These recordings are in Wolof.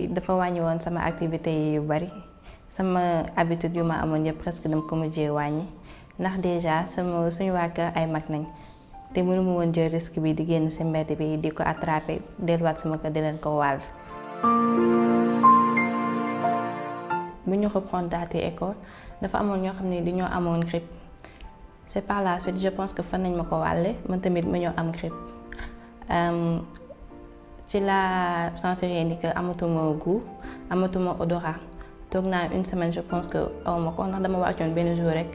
bi dafa wàññi woon sama activité yi yu bari sama habitude yu ma amoon yëpp presque dama ko mujjee wàññi ndax déjà sama suñu waa kër ay mag nañ te mënu ma woon jël risque bi di génn si mbedd bi di ko attraper delluwaat sama kër di leen ko wàll. bu ñu reprendre daati école dafa amoon ñoo xam ne di ñoo amoon grippe c'est par la suite je pense que fan nañ ma ko wàlle man tamit ma am grippe. ci la sentir ni que amatuma goût amatuma odorat toog naa une semaine je pense que aw ma ko ndax dama wàccoon benn jour rek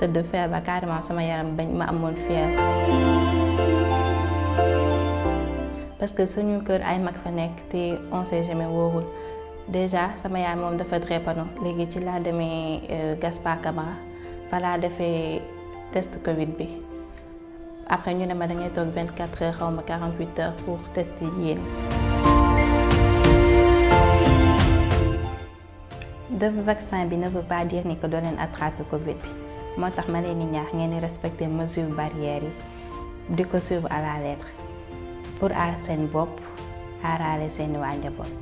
tëdd feebar carrément sama yaram bañ ma amoon fièvre parce que suñu kër ay mag fa nekk te on sait jamais déjà sama yaay moom dafa drépano léegi ci laa demee euh, Gaspard Camara fa defee test Covid bi. après ñu ne ma da ngay toog 24 heures xaw ma 48 heures pour test yi yéen. de vaccin bi ne veut pas dire ni ko doo leen attraper Covid bi moo tax ma leen di ñaax ngeen di respecter mesures barrières yi di ko suivre à la lettre pour aar seen bopp aaraale seeni waa njaboot.